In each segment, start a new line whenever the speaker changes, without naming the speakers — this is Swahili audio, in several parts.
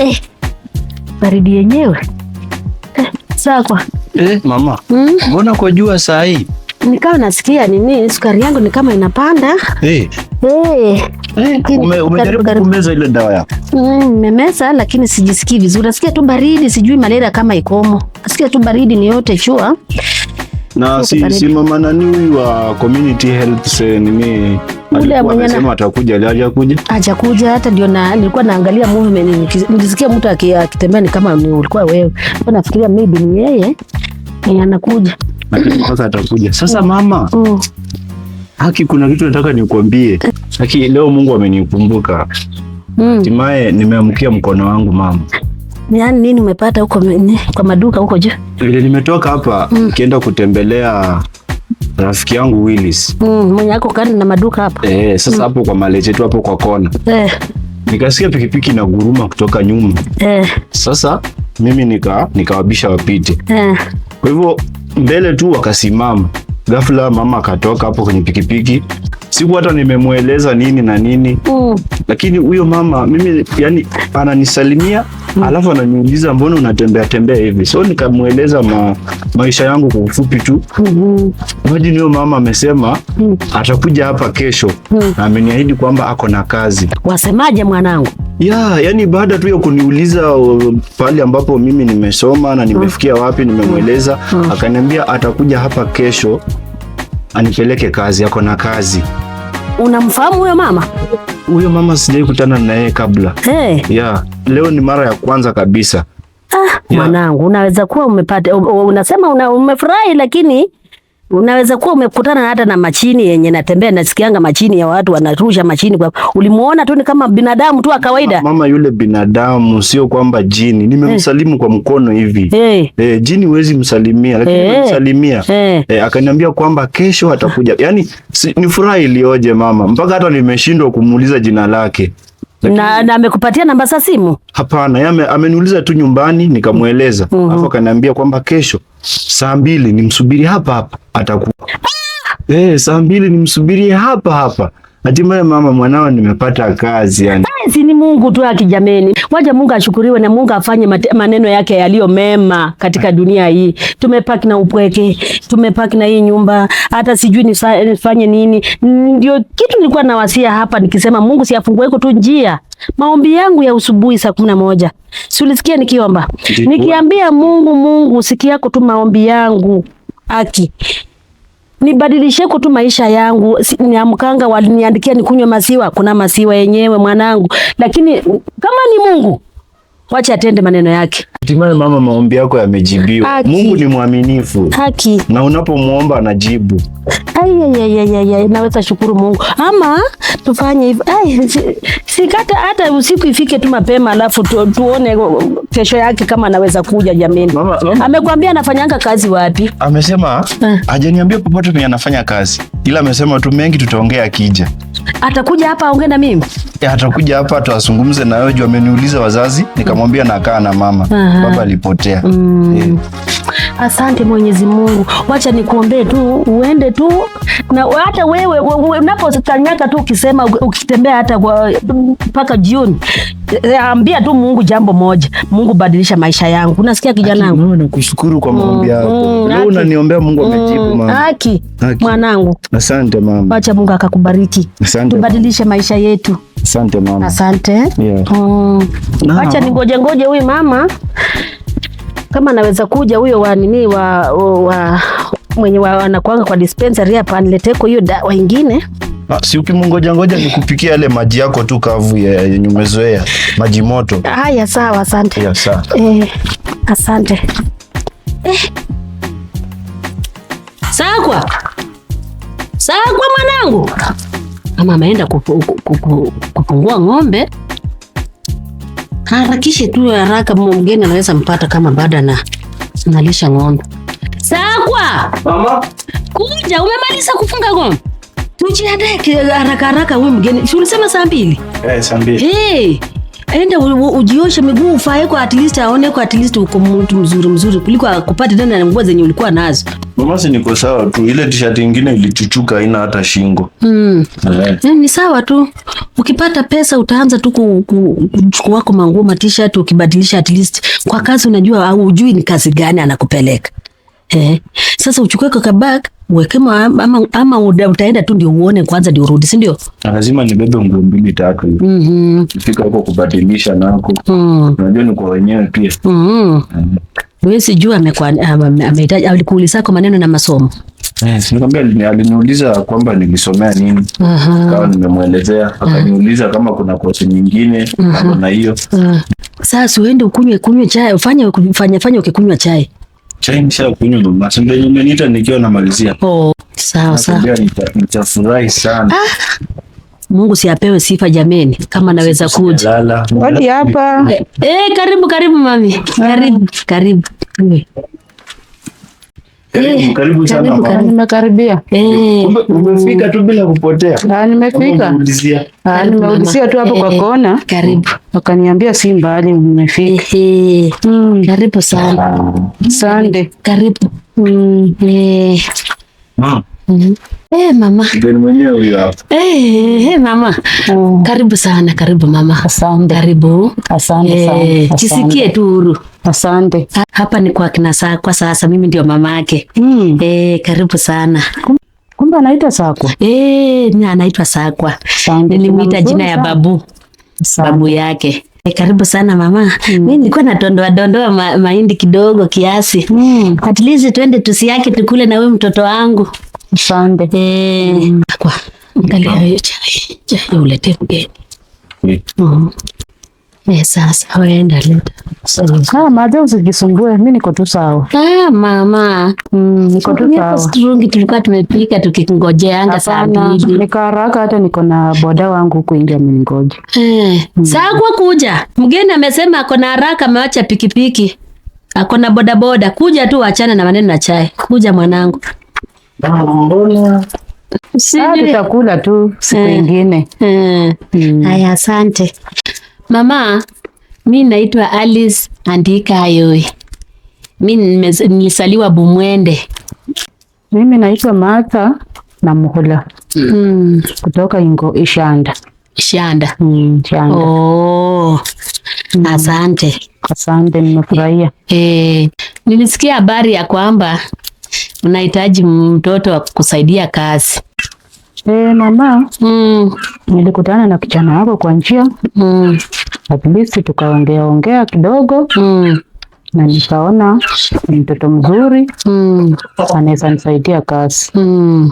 Eh, baridi yenyewe eh, sakwa
eh, mama hmm? mbona mm, kwa jua saa hii
nikawa nasikia nini sukari yangu ni kama inapanda
eh. Eh, eh ume, umejaribu kumeza ile dawa yako?
Hmm, nimemeza mm, lakini sijisikii vizuri. Nasikia tu baridi, sijui malaria kama ikomo. Nasikia tu baridi ni yote chua
na si, si mama nani huyu wa community health nini eh, alikuwa anasema atakuja, hajakuja
hajakuja. Hata ndio na nilikuwa naangalia movement, nilisikia mtu akitembea, ni kama ni ulikuwa wewe, kwa nafikiria maybe ni yeye ni anakuja,
lakini kwanza atakuja. Sasa mm. mama mm. Haki, kuna kitu nataka nikwambie. Haki, leo Mungu amenikumbuka mm. hatimaye, mm. nimeamkia mkono wangu mama
Yaani nini umepata huko kwa maduka huko juu?
Vile nimetoka hapa mm. nikienda mm. kutembelea rafiki yangu Willis
mm, mwenye ako karibu na maduka hapa
eh, sasa mm. hapo mm. kwa maleche tu hapo kwa kona eh. Nikasikia pikipiki na guruma kutoka nyuma eh. Sasa mimi nika nikawabisha wapite eh. Kwa hivyo mbele tu wakasimama, ghafla mama akatoka hapo kwenye pikipiki siku hata nimemweleza nini na nini mm. Lakini huyo mama mimi yani ananisalimia mm. Alafu ananiuliza mbona unatembea tembea hivi? So nikamweleza ma, maisha yangu kwa ufupi tu mm -hmm. Maji niyo mama amesema mm. atakuja hapa kesho mm. na ameniahidi kwamba ako na kazi.
Wasemaje mwanangu?
Ya, yani baada tu ya kuniuliza uh, pale ambapo mimi nimesoma na nimefikia mm. wapi, nimemweleza mm. mm. Akaniambia atakuja hapa kesho anipeleke kazi, ako na kazi.
Unamfahamu huyo mama?
Huyo mama sijai kutana na yeye kabla. Hey. Eh. Yeah. Leo ni mara ya kwanza kabisa.
Ah, yeah. Mwanangu, unaweza kuwa umepata, unasema una, umefurahi lakini Unaweza kuwa umekutana hata na machini yenye natembea, nasikianga machini ya watu wanarusha machini kwa, ulimuona tu ni kama binadamu tu kawaida.
Mama yule binadamu, sio kwamba jini. Nimemsalimu eh, kwa mkono hivi eh. Eh, jini huwezi msalimia, lakini eh, nimemsalimia eh. Eh, akaniambia kwamba kesho atakuja. Yaani si, ni furaha ilioje mama, mpaka hata nimeshindwa kumuuliza jina lake
na, na amekupatia namba za simu?
Hapana, yame ameniuliza tu nyumbani nikamweleza. mm -hmm. Alafu akaniambia kwamba kesho saa mbili nimsubiri hapa hapa atakuwa. Ah! Eh, saa mbili nimsubiri hapa hapa Hatimaye mama, mwanao nimepata kazi yani.
Kazi ni Mungu tu akijameni. jameni. Mungu ashukuriwe na Mungu afanye maneno yake yaliyo mema katika dunia hii. Tumepaki na upweke, tumepaki na hii nyumba, hata sijui nifanye nini. Ndio kitu nilikuwa nawasia hapa nikisema Mungu si afungue tu njia. Maombi yangu ya usubuhi saa kumi na moja. Si ulisikia nikiomba? Nikiambia Mungu, Mungu sikia yako maombi yangu. Aki nibadilishe kutu maisha yangu, niamkanga waliniandikia nikunywe maziwa, kuna maziwa yenyewe mwanangu, lakini kama ni Mungu wacha atende maneno yake.
Hatimaye mama, maombi yako yamejibiwa. Haki. Mungu ni mwaminifu. Haki. Na unapomwomba anajibu.
Ayayayayay, naweza shukuru Mungu. Ama tufanye hivyo. Ay, sikata hata usiku ifike tu mapema alafu tu, tuone kesho yake kama anaweza kuja jameni. Mama, mama. Amekwambia anafanyanga kazi wapi?
Amesema ah. hajaniambia popote penye anafanya kazi. Ila amesema tu mengi tutaongea akija.
Atakuja hapa aongee na mimi?
Eh, atakuja hapa tuwazungumze na wewe juu ameniuliza wazazi, nikamwambia nakaa na mama. Ha. Ah baba alipotea. mm. yeah.
Asante Mwenyezi Mungu, wacha nikuombee tu uende tu na hata wewe unapotanyaka tu ukisema ukitembea hata kwa mpaka jioni, eh, ambia tu Mungu jambo moja, Mungu badilisha maisha yangu. Unasikia kijana
wangu, nakushukuru kwa maombi mm, yako mm, leo, unaniombea Mungu mm, amejibu mama.
Haki mwanangu,
asante mama,
wacha Mungu akakubariki, tubadilishe maisha yetu.
Asante mama.
Asante. Yeah. Mm. Oh. No. Acha ningoje ngoje huyu mama kama anaweza kuja huyo wa nini wa, wa mwenye wanakuanga kwa dispensary hapa aniletee hiyo dawa ingine.
Ah, si ukimungoja ngoja nikupikia yale maji yako tu kavu yenye umezoea maji moto.
Haya sawa, asante.
Ya, sawa. Eh,
asante. Eh. Sawa kwa mwanangu kama ameenda kufungua ng'ombe harakishe tu haraka, mgeni anaweza mpata kama bada na nalisha ng'ombe. Sakwa kuja umemaliza kufunga ng'ombe, tujiandae haraka haraka. Huyu mgeni si ulisema saa mbili? Eh, saa mbili. Hey. Enda ujioshe miguu ufae kwa at least aone kwa at least uko mtu mzuri mzuri kuliko akupate tena na nguo zenye ulikuwa nazo.
Basi niko sawa tu, ile t-shirt nyingine ilichuchuka haina hata shingo. Mm.
Yeah. Eh, ni sawa tu. Ukipata pesa utaanza tu kuchukua wako manguo ma t-shirt ukibadilisha at least. Kwa kazi unajua au ujui ni kazi gani anakupeleka. Eh, sasa uchukue kaka bag uweke ama, ama uda, utaenda tu ndio uone kwanza ndio urudi, si ndio?
Lazima nibebe nguo mbili tatu hivi. mm -hmm. Fika huko kubadilisha nako. mm. Unajua ni kwa wenyewe pia. mm -hmm.
mm. Wewe sijui amekuwa amehitaji alikuuliza kwa maneno na masomo.
Eh, sinikwambia aliniuliza kwamba nilisomea nini. Aha. Kama nimemuelezea, akaniuliza kama kuna kosi nyingine uh kama na hiyo. Uh -huh.
Sasa uende ukunywe kunywe chai, ufanye fanya fanya ukikunywa chai
chai nishakunywa, ndo matembezi umeniita nikiwa namalizia.
Oh, sawa sawa,
nitafurahi sana. Ah,
Mungu siapewe sifa jameni, kama naweza kuja hadi hapa. Eh, karibu karibu mami, karibu karibu.
Yaani eh, karibu, karibu sana mama. Yaani
nimekaribia. Eh.
Eh. Umefika tu bila kupotea.
Ah, nimefika. Ah, nimeulizia tu hapo kwa kona. Karibu. Wakaniambia si mbali nimefika. Hmm. Karibu sana. Asante. Karibu. Hmm. Hmm. Mm-hmm. Hey eh, mama. Hey, hey eh, eh, mama. Mm. Karibu sana, karibu mama. Asante. Karibu. Asante hey, sana. tu huru. Asante. Hapa ni kwa kina Sakwa sasa, mimi ndio mama yake. Mm. Hey, karibu sana. Kumbe anaitwa Sakwa? Eh, hey, anaitwa Sakwa. Nilimuita jina ya babu. Asante. Babu yake. E, karibu sana mama. Mm. Mimi nilikuwa natondoa dondoa ma mahindi kidogo kiasi. Mm. At least twende tusiake tukule na wewe mtoto wangu. Asante. Eh, kwa angalia hiyo chai. Chai ulete mgeni. Mm. Eh, sasa waenda leta. Ah, maja usijisumbue, mimi niko tu sawa. Ah, mama. Mm, niko tu sawa. strong tulikuwa tumepika tukingojeanga saa mbili. Niko haraka hata niko na boda wangu kuingia mningoje. Eh, mm. Saa kwa kuja. Mgeni amesema ako na haraka ameacha pikipiki. Ako na bodaboda. Kuja tu, wachana na maneno na chai. Kuja mwanangu. Mbona ah, tutakula tu siku eh, ingine. Eh. Hmm. Haya, asante mama. Mi naitwa Alice Andika Ayoi, mi nilisaliwa Bumwende. Mimi naitwa Martha na Muhula mm. kutoka Ingo Ishanda. Ishanda. Mm, Ishanda. Oh. Hmm. Asante, asante, nimefurahia. Eh, nilisikia habari ya kwamba unahitaji mtoto wa kusaidia kazi. E, mama mm. Nilikutana na kijana wako kwa njia mm. At least tukaongea ongea kidogo mm. Na nikaona ni mtoto mzuri mm. Anaweza nisaidia kazi mm.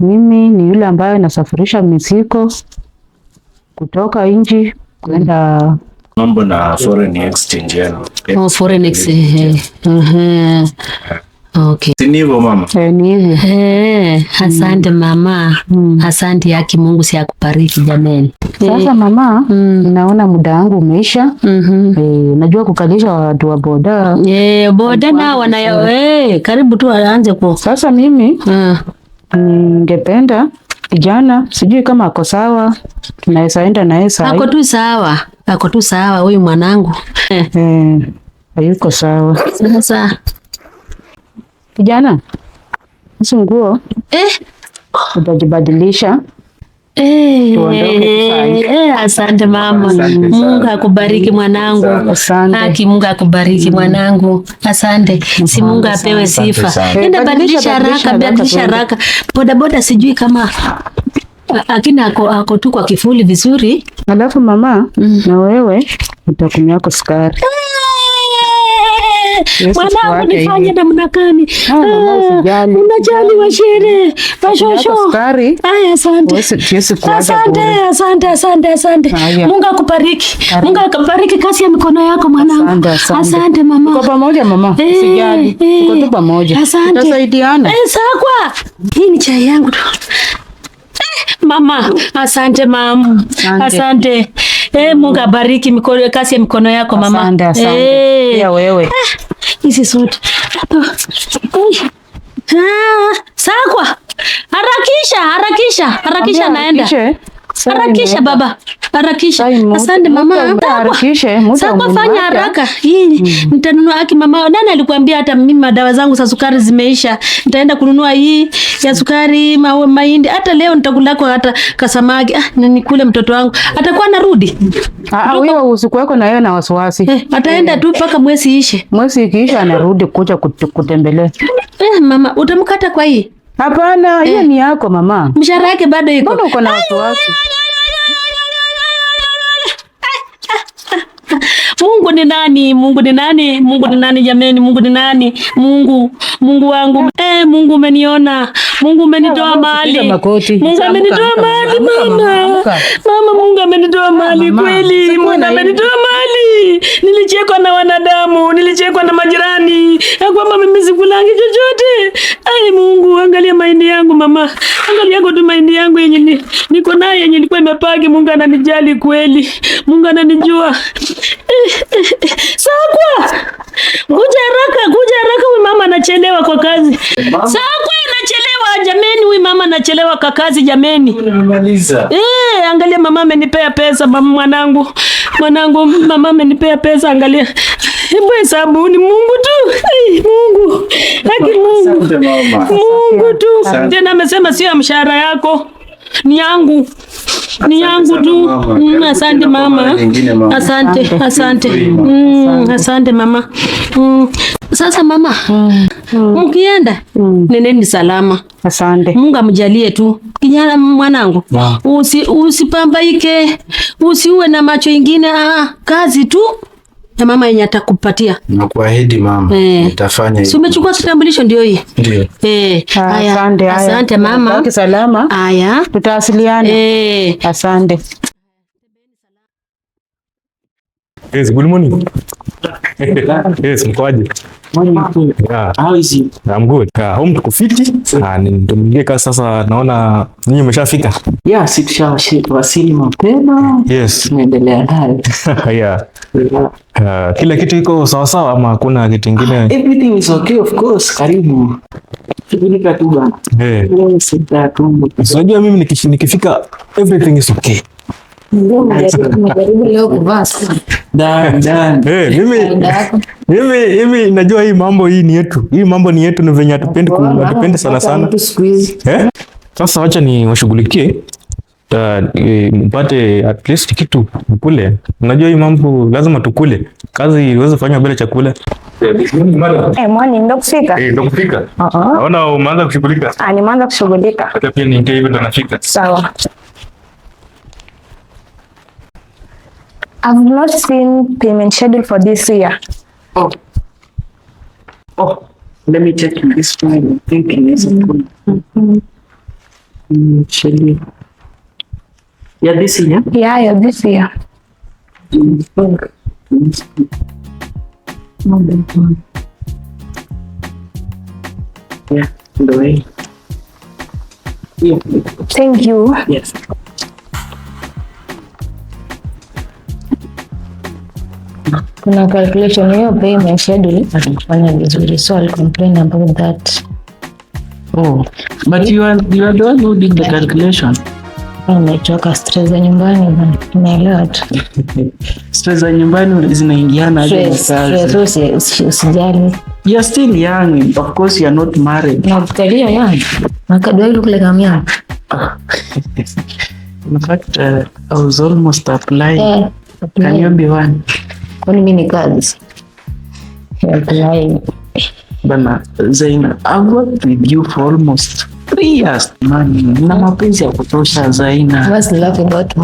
Mimi ni yule ambayo nasafirisha mizigo kutoka nchi kwenda
Mambo na foreign exchange.
Oh, foreign exchange. Uh -huh
mama.
Eh, eh, eh. asante mm. mama. Mm. Asante yake Mungu si akubariki jameni. Sasa mama, mm. naona muda wangu umeisha. Mm-hmm. najua kukalisha watu wa boda. boda na wanayo karibu tu aanze kwa. Sasa mimi ah. ningependa kijana sijui kama ako sawa tunaweza enda naye sawa. Ako tu sawa. Ako tu sawa huyu mwanangu. ayuko Hayuko sawa. Sasa Kijana, hizo nguo eh, utajibadilisha eh. Eh, asante mama, Mungu akubariki mwanangu. Haki, Mungu akubariki mwanangu. Asante, mm. si Mungu apewe sifa. Enda badilisha haraka, badilisha haraka. Bodaboda sijui kama akini ako, ako tu kwa kifuli vizuri. Alafu mama, mm. na wewe utakunywa sukari ah! mwanangu, nifanye namna gani? Ah, unajali washere vashosho. Aya, asante, asante, asante, asante, asante. Mungu akubariki, Mungu akubariki kazi ya mikono yako mwanangu. Asante mama, tuko pamoja mama, eh, sijali, tuko tu eh. pamoja, tutasaidiana. Eh, Sawa, hii ni chai yangu Mama, asante mam asante. Eh, Mungu abariki mikono, ya mikono yako mama. Asante, asante. Hey. Eh. Ya wewe. Ah, hizi sote. Ah, sakwa. Harakisha, harakisha, harakisha naenda. Harakisha baba, harakisha. Asante mama. Sasa fanya haraka. Hii mm. nitanunua aki mama. Nani alikuambia hata mimi madawa zangu za sukari zimeisha. Nitaenda kununua hii ya sukari, mawe, mahindi. Hata leo nitakula kwa hata kasamaki. Ah, nikule mtoto wangu. Atakuwa narudi. Ah, ah, wewe wako na yeye na wasiwasi. Eh, ataenda tu mpaka mwezi ishe. Mwezi ikiisha anarudi kuja kutembelea. Eh, mama, utamkata kwa hii. Hapana, hiyo ni yako mama. Mshahara yake bado iko. Mbona uko na wasiwasi? Mungu ni nani? Mungu ni nani? Mungu ni nani jameni? Mungu ni nani? Mungu, Mungu wangu. Eh, Mungu umeniona. Mungu umenitoa mali. Mungu amenitoa mali mama. Mama, Mungu amenitoa mali kweli. Mungu amenitoa mali. Nilichekwa na wanadamu, nilichekwa na majirani. Na kwamba mimi sikulangi chochote. Ai, Mungu angalia mahindi yangu mama. Angalia kwa tu mahindi yangu yenye niko nayo yenye nilikuwa imepagi. Mungu ananijali kweli. Mungu ananijua. Eh, Sakwa, kuja haraka, kuja haraka, huyu mama anachelewa kwa kazi. Sakwa anachelewa jameni, huyu mama anachelewa kwa kazi jameni. Unamaliza. Eh, angalia mama amenipea pesa mama, mwanangu. Mwanangu mama amenipea pesa angalia. Hebu hesabu ni Mungu tu. Hey, Mungu. Haki Mungu. Mungu tu. Tena amesema sio ya mshahara yako. Ni yangu ni yangu tu. Asante mm, mama, asante, asante, mm, asante mama. Mm. Sasa mama, mkienda neneni salama. Asante. Mungu amjalie tu kijana mwanangu, usipambaike, usiuwe na macho ingine, ah, kazi tu ya mama yenye atakupatia.
Nakuahidi mama, eh. nitafanya hivyo.
Si umechukua kitambulisho ndio hii? Ndio. Eh, ah, haya. Asante, asante mama. Kwa salama. Haya. Tutawasiliana. Eh, asante.
Yes, good morning. Yes, mkoaje?
Tumeingia
ah, ah, sasa, naona ninyi mmeshafika.
Yeah, si tushawasili mapema. Yes. Tunaendelea nayo.
Yeah. Uh, kila kitu iko sawasawa ama hakuna kitu ingine?
Everything is okay of course. Karibu. Eh.
Unajua mimi nikifika everything is okay. Mimi najua hii mambo hii ni yetu, hii mambo ni yetu, ni venye atupendi sana sana. Eh? Sasa wacha ni washughulikie e, mpate at least kitu kule. Unajua hii mambo lazima tukule, kazi iweze fanywa bila chakula. Eh, eh, uh-huh. Naona umeanza kushughulika.
Ah, nimeanza kushughulika. Sawa.
I've not seen payment schedule for this year.
Oh. Oh, let me check this one. I'm thinking it's mm mm, schedule. Yeah, this year.
Yeah, yeah, this year. Yeah, the way. Yeah. Thank you. Yes. kuna calculation hiyo pay my schedule atakufanya vizuri so I'll complain about that
oh but you are you are the one who did the calculation
oh, Nimechoka stress za nyumbani, unaelewa tu.
Stress za nyumbani zinaingiana
aje na kazi? Usijali.
You are still young. Of course you are not married.
No, but you are young. Do I look like I'm young?
In fact, uh, I was almost applying. Yeah, applying. Can you be one?
kwani mi ni kazi yaani,
bana Zaina, I've worked with you for almost three years mani, na mapenzi ya kutosha Zaina.
I was loving God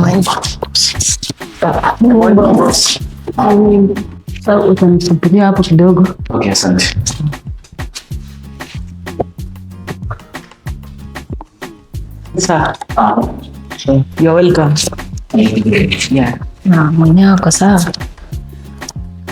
Sasa utanisubiria hapo kidogo.
Okay, asante. Sasa, you're welcome.
Yeah. Na mwenyewe kwa sawa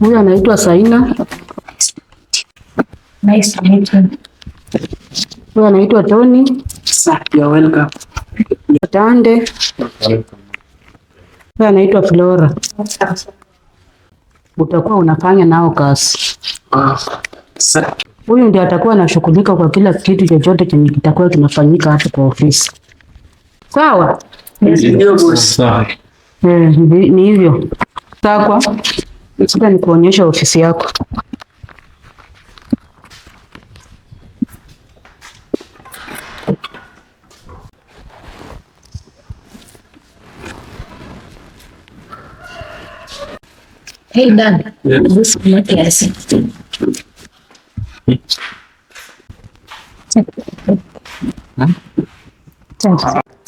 Huyu anaitwa Saina.
Nice you.
Huyu anaitwa Tony. You're welcome. Tande. Huyu anaitwa Flora. Utakuwa unafanya nao kazi. Huyu ndiye atakuwa anashughulika kwa kila kitu chochote chenye kitakuwa kinafanyika hapa kwa ofisi. Sawa? Sawa. Eh, ni hivyo. Sawa. Nataka nikuonyesha ofisi yako.
Hey, Dan. Yeah.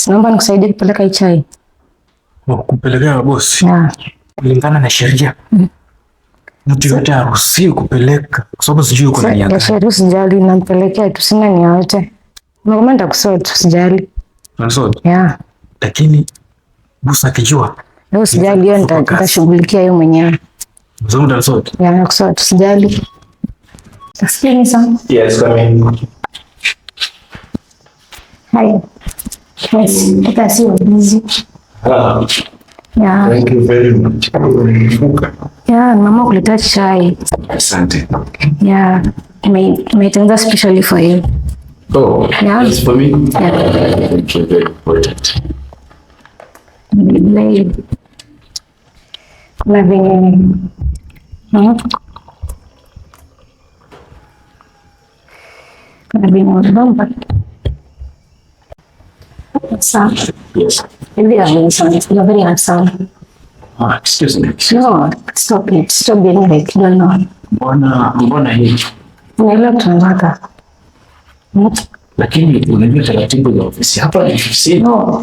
Naomba nikusaidie kupeleka hii chai.
Kupelekea bosi? Ah. Kulingana na sheria. Mm mtu yote haruhusiwi kupeleka kwa sababu sijui kuna nia gani.
Shauri usijali, nampelekea tu, sina nia yote. Nakomenda kusort, usijali. Unasort? Yeah.
Lakini Musa akijua.
Leo usijali, hiyo nitashughulikia hiyo mwenyewe.
Mzee mtu anasort?
Yeah, kusort, usijali. Excuse me, sana.
Yes, come in.
Hi. Yes, hata sio busy. Ah. Yeah.
Thank you very much.
Yeah, mama kuleta chai. Asante. Yeah, nimeitengeneza specially for you.
Oh, yeah. That's for me? Yeah. Thank you, very important. Kuna venye kuna Yes.
You're very handsome.
Ah, excuse me.
Hmm?
Lakini unajua taratibu za ofisi hapa ni ofisi. No.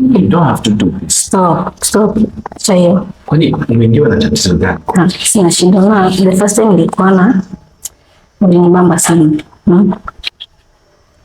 You don't have to do
this. Stop. Stop. Chayo.
Kwani umeingiwa na tatizo gani?
Ah, sina shida the first time nilikuwa na ulinibamba sana. Hmm?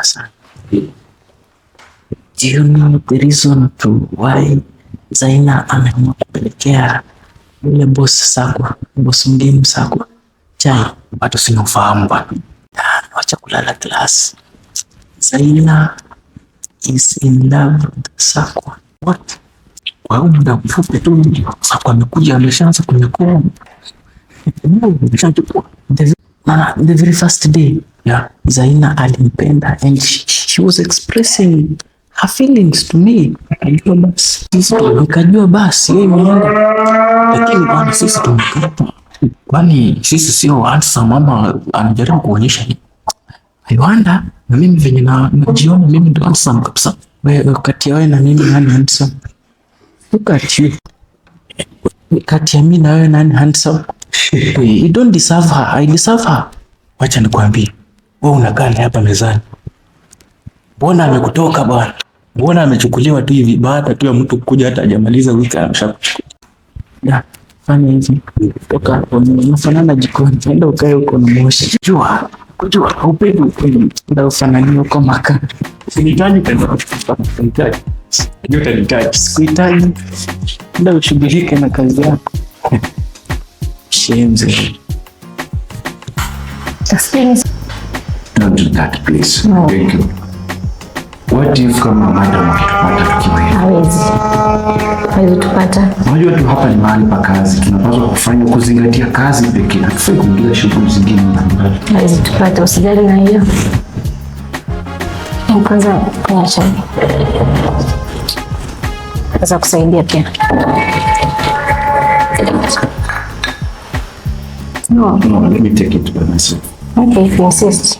kubwa sana. Do you know the reason to why Zaina ameamua kupelekea yule boss Sakwa, boss mgeni Sakwa chai?
Watu sina ufahamu bwana,
wacha kulala class. Zaina is in love with Sakwa.
What? Kwa hiyo muda mfupi tu Sakwa amekuja ameshaanza kunyakua.
The very first day yeah. Zaina alimpenda and she, she was expressing her feelings to me, nikajua basi nikajua basi yeye mwenyewe,
lakini bwana, sisi tumekata kwani sisi sio handsome Mama anajaribu kuonyesha ni
Iwanda na mimi venye na najiona mimi ndo handsome kabisa, wewe kati ya wewe na mimi nani handsome? Ukati kati ya mimi na wewe nani handsome? You don't deserve her, I deserve her.
Wacha nikwambie wewe unakaa naye hapa mezani, mbona amekutoka bwana? Mbona amechukuliwa tu hivi, baada tu ya mtu kuja, hata hajamaliza wiki
ameshakuchukua. Fanya hizi. toka hapo, na jikoni, enda ukae huko na moshi.
Jua kujua haupendi ukweli, enda ufananie huko maka. Sinitaji tena, Sinitaji.
Sikuitaji. enda ushughulike na kazi yako shemze not to that place. No. Thank you. What if kama madam atupata
tukiwa hivi? Hawezi. Hawezi tupata.
Unajua tu hapa ni mahali pa kazi. Tunapaswa kufanya kuzingatia kazi pekee. Hatufai kuingilia shughuli zingine.
Hawezi tupata. Usijali na hiyo. Kwanza kunywa chai. kusaidia pia. No.
No, let me take it by myself.
Okay, if you insist.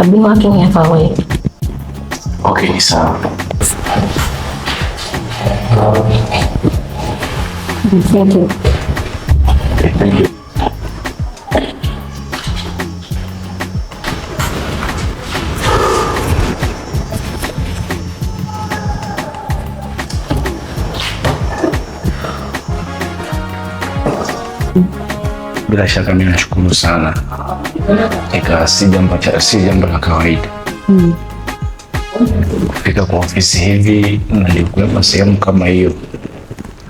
lebih be ya Pak Okay, Oke Thank you.
Okay, thank you.
Bila shaka mimi nashukuru ikawa si jambo si jambo la kawaida hmm. Kufika kwa ofisi hivi nalikuwepa sehemu kama hiyo,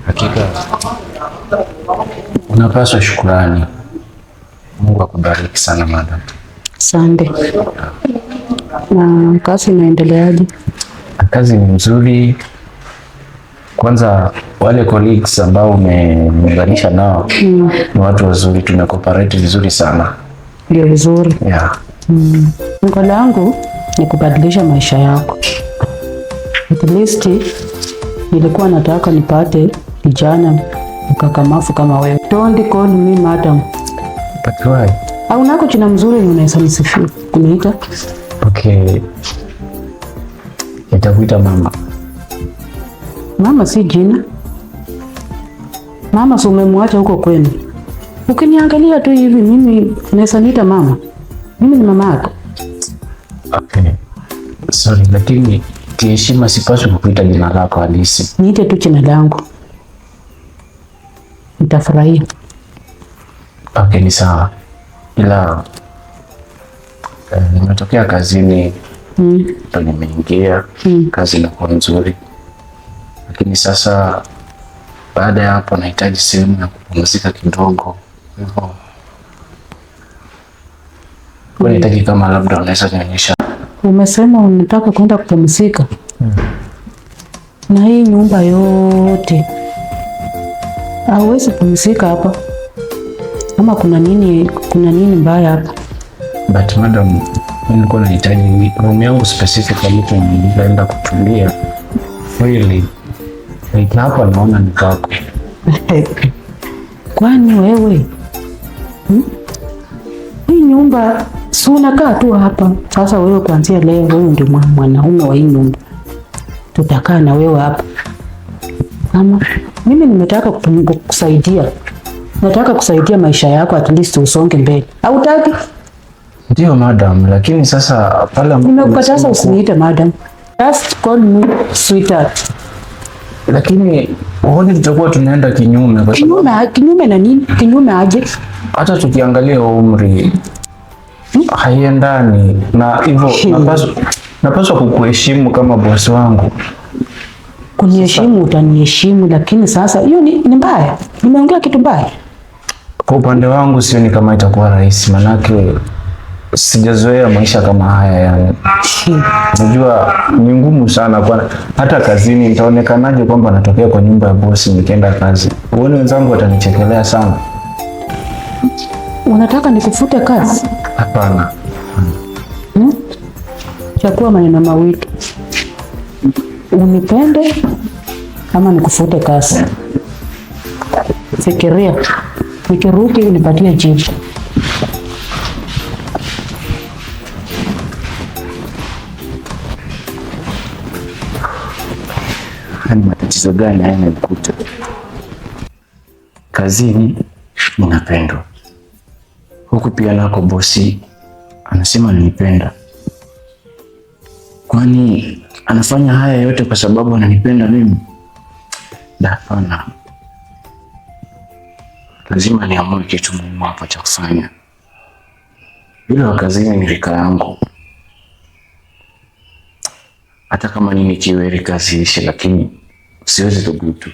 hakika unapaswa shukurani. Mungu akubariki sana madam.
Asante. Na kazi inaendeleaje?
Kazi ni mzuri. Kwanza wale colleagues ambao umeunganisha nao mm. ni watu wazuri, tumekooperate vizuri sana
ndio vizuri
yeah. Mm.
langu ni kubadilisha maisha yako. At least nilikuwa nataka nipate kijana mkakamafu kama wewe. Don't call me madam. But why? Au ah, nako jina mzuri unaweza msifu kuniita?
Okay. Nitakuita mama.
Mama si jina. Mama si umemwacha huko kwenu? Ukiniangalia tu hivi mimi naweza niita mama, mimi ni mama yako.
Okay. Sorry, lakini kiheshima sipaswi kukuita jina lako halisi.
Niite tu jina langu, nitafurahia.
Okay, ni sawa, ila eh, nimetokea kazini ndo mm. nimeingia mm. kazi inakuwa nzuri, lakini sasa baada ya hapo nahitaji sehemu ya kupumzika kidogo. Nahitaji kama labda unaweza nionyesha.
Umesema unataka kwenda kupumzika hmm. Na hii nyumba yote hauwezi pumzika hapa, ama kuna nini? Kuna nini mbaya hapa?
But madam, nilikuwa nahitaji room yangu specific ambapo ninaenda kutulia really, na hapa naona ni kwako.
Kwani wewe hmm? Hii nyumba si unakaa tu hapa sasa. Wewe kuanzia leo, wewe ndio mwanaume wa hii nyumba, tutakaa na wewe hapa. Ama mimi nimetaka kusaidia, nataka kusaidia maisha yako, at least usonge mbele. Hautaki?
Ndio madam, lakini sasa
pale nimekukataa. Usiniite madam, just call me sweetheart
lakini uone tutakuwa tunaenda kinyume kwa
kinyume, kinyume na nini? Kinyume aje?
Hata tukiangalia umri hmm? haiendani na hivyo napaswa, napaswa kukuheshimu kama bosi wangu.
Kuniheshimu, utaniheshimu, lakini sasa hiyo ni, ni mbaya. Nimeongea kitu mbaya
kwa upande wangu, sioni kama itakuwa rahisi manake sijazoea maisha kama haya yani. Unajua ni ngumu sana kwa hata kazini nitaonekanaje kwamba natokea kwa nyumba ya bosi nikienda kazi. Uone wenzangu watanichekelea sana.
Unataka nikufute kazi? Hapana. Hmm? Chakua maneno mawili. Unipende ama nikufute kazi? Fikiria. Nikiruki unipatie jibu.
matatizo gani haya yanakuta? Kazini unapendwa, huku pia lako bosi anasema ananipenda. Kwani anafanya haya yote kwa sababu ananipenda mimi? Hapana, lazima niamue kitu muhimu hapa cha kufanya. Yule wa kazini ni rika yangu, hata kama nini kiweri rika ishi lakini Все же это будет